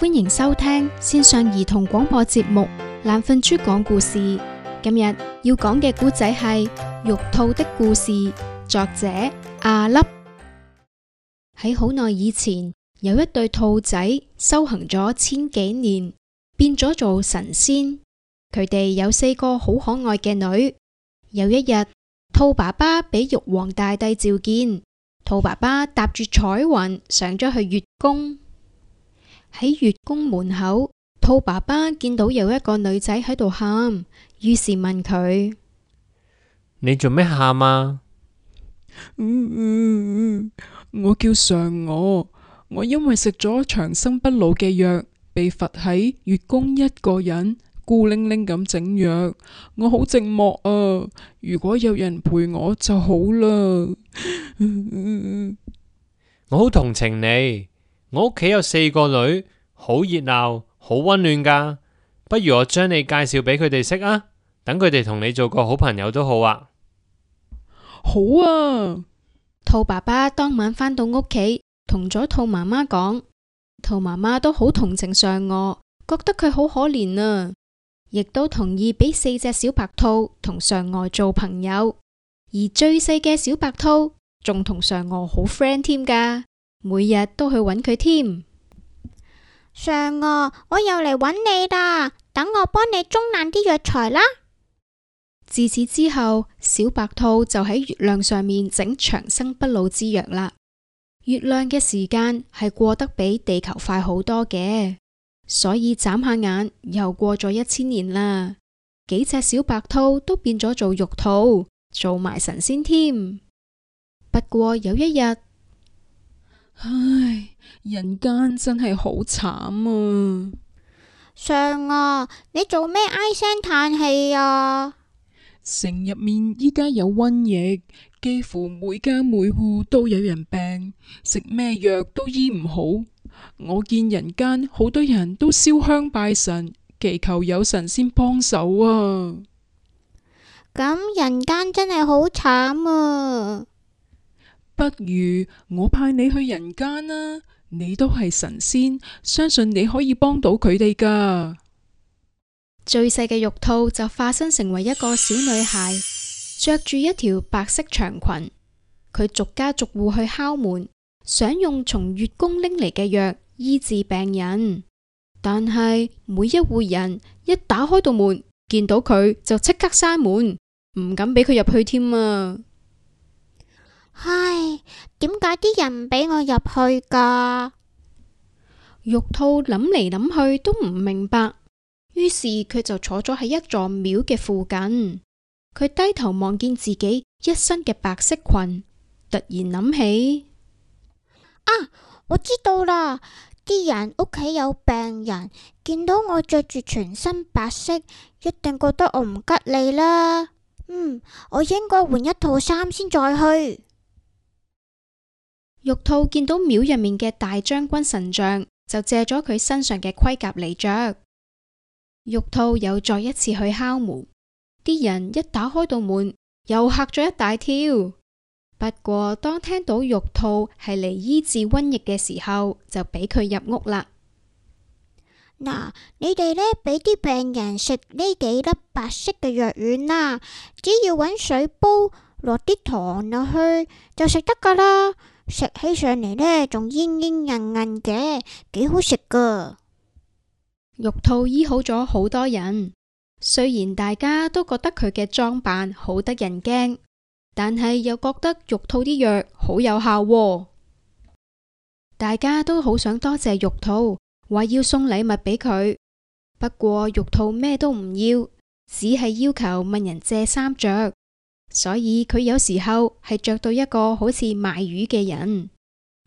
歡迎收聽線上兒童廣播節目《懶瞓豬講故事》。今日要講嘅故仔係《玉兔的故事》，作者阿粒。喺好耐以前，有一對兔仔修行咗千幾年，變咗做神仙。佢哋有四個好可愛嘅女。有一日，兔爸爸俾玉皇大帝召見，兔爸爸搭住彩雲上咗去月宮。喺月宮門口，兔爸爸見到有一個女仔喺度喊，於是問佢：你做咩喊啊？嗯嗯嗯，我叫嫦娥，我因為食咗長生不老嘅藥，被罰喺月宮一個人孤零零咁整藥，我好寂寞啊！如果有人陪我就好啦。嗯嗯嗯，我好同情你。我屋企有四個女，好熱鬧，好溫暖噶。不如我將你介紹俾佢哋識啊，等佢哋同你做個好朋友都好啊。好啊！兔爸爸當晚返到屋企，同咗兔媽媽講，兔媽媽都好同情嫦娥，覺得佢好可憐啊，亦都同意俾四隻小白兔同嫦娥做朋友。而最細嘅小白兔仲同嫦娥好 friend 添噶。每日都去揾佢添，嫦娥，啊、我又嚟揾你啦，等我幫你舂爛啲藥材啦。自此之後，小白兔就喺月亮上面整長生不老之藥啦。月亮嘅時間係過得比地球快好多嘅，所以眨下眼又過咗一千年啦。幾隻小白兔都變咗做玉兔，做埋神仙添。不過有一日，唉，人間真係好慘啊！上啊，你做咩唉聲嘆氣啊？城入面依家有瘟疫，幾乎每家每戶都有人病，食咩藥都醫唔好。我見人間好多人都燒香拜神，祈求有神仙幫手啊！咁人間真係好慘啊！不如我派你去人間啦，啊，你都係神仙，相信你可以幫到佢哋噶。最細嘅玉兔就化身成為一個小女孩，着住一條白色長裙，佢逐家逐戶去敲門，想用從月宮拎嚟嘅藥醫治病人。但係每一戶人一打開道門，見到佢就即刻閂門，唔敢俾佢入去添啊！唉，點解啲人唔俾我入去㗎？玉兔諗嚟諗去都唔明白，於是佢就坐咗喺一座廟嘅附近。佢低頭望見自己一身嘅白色裙，突然諗起啊，我知道啦！啲人屋企有病人，見到我着住全身白色，一定覺得我唔吉利啦。嗯，我應該換一套衫先再去。玉兔見到廟入面嘅大將軍神像，就借咗佢身上嘅盔甲嚟着。玉兔又再一次去敲門，啲人一打開到門，又吓咗一大跳。不過當聽到玉兔係嚟醫治瘟疫嘅時候，就俾佢入屋啦。嗱，你哋呢，俾啲病人食呢幾粒白色嘅藥丸啦，只要揾水煲，落啲糖落去就食得噶啦。食起上嚟呢，仲煙煙韌韌嘅，幾好食噶。玉兔醫好咗好多人，雖然大家都覺得佢嘅裝扮好得人驚，但係又覺得玉兔啲藥好有效喎。大家都好想多謝玉兔，話要送禮物俾佢。不過玉兔咩都唔要，只係要求問人借衫着。所以佢有時候係着到一個好似賣魚嘅人，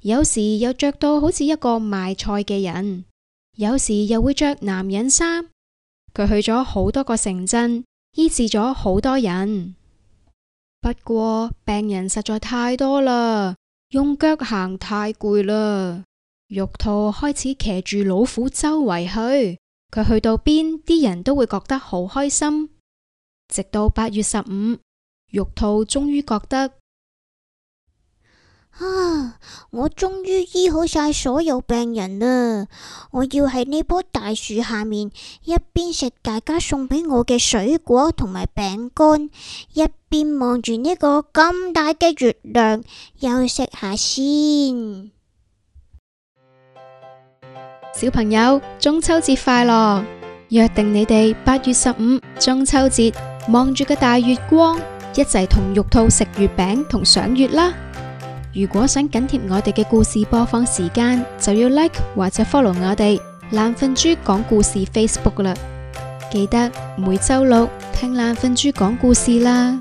有時又着到好似一個賣菜嘅人，有時又會着男人衫。佢去咗好多個城鎮，醫治咗好多人。不過病人實在太多啦，用腳行太攰啦。玉兔開始騎住老虎周圍去，佢去到邊啲人都會覺得好開心。直到八月十五。玉兔終於覺得啊！我終於醫好晒所有病人啦！我要喺呢棵大樹下面一邊食大家送俾我嘅水果同埋餅乾，一邊望住呢個咁大嘅月亮，休息下先。小朋友，中秋節快樂！約定你哋八月十五中秋節望住個大月光。一齊同玉兔食月餅同賞月啦！如果想緊貼我哋嘅故事播放時間，就要 like 或者 follow 我哋懶瞓豬講故事 Facebook 啦！記得每周六聽懶瞓豬講故事啦！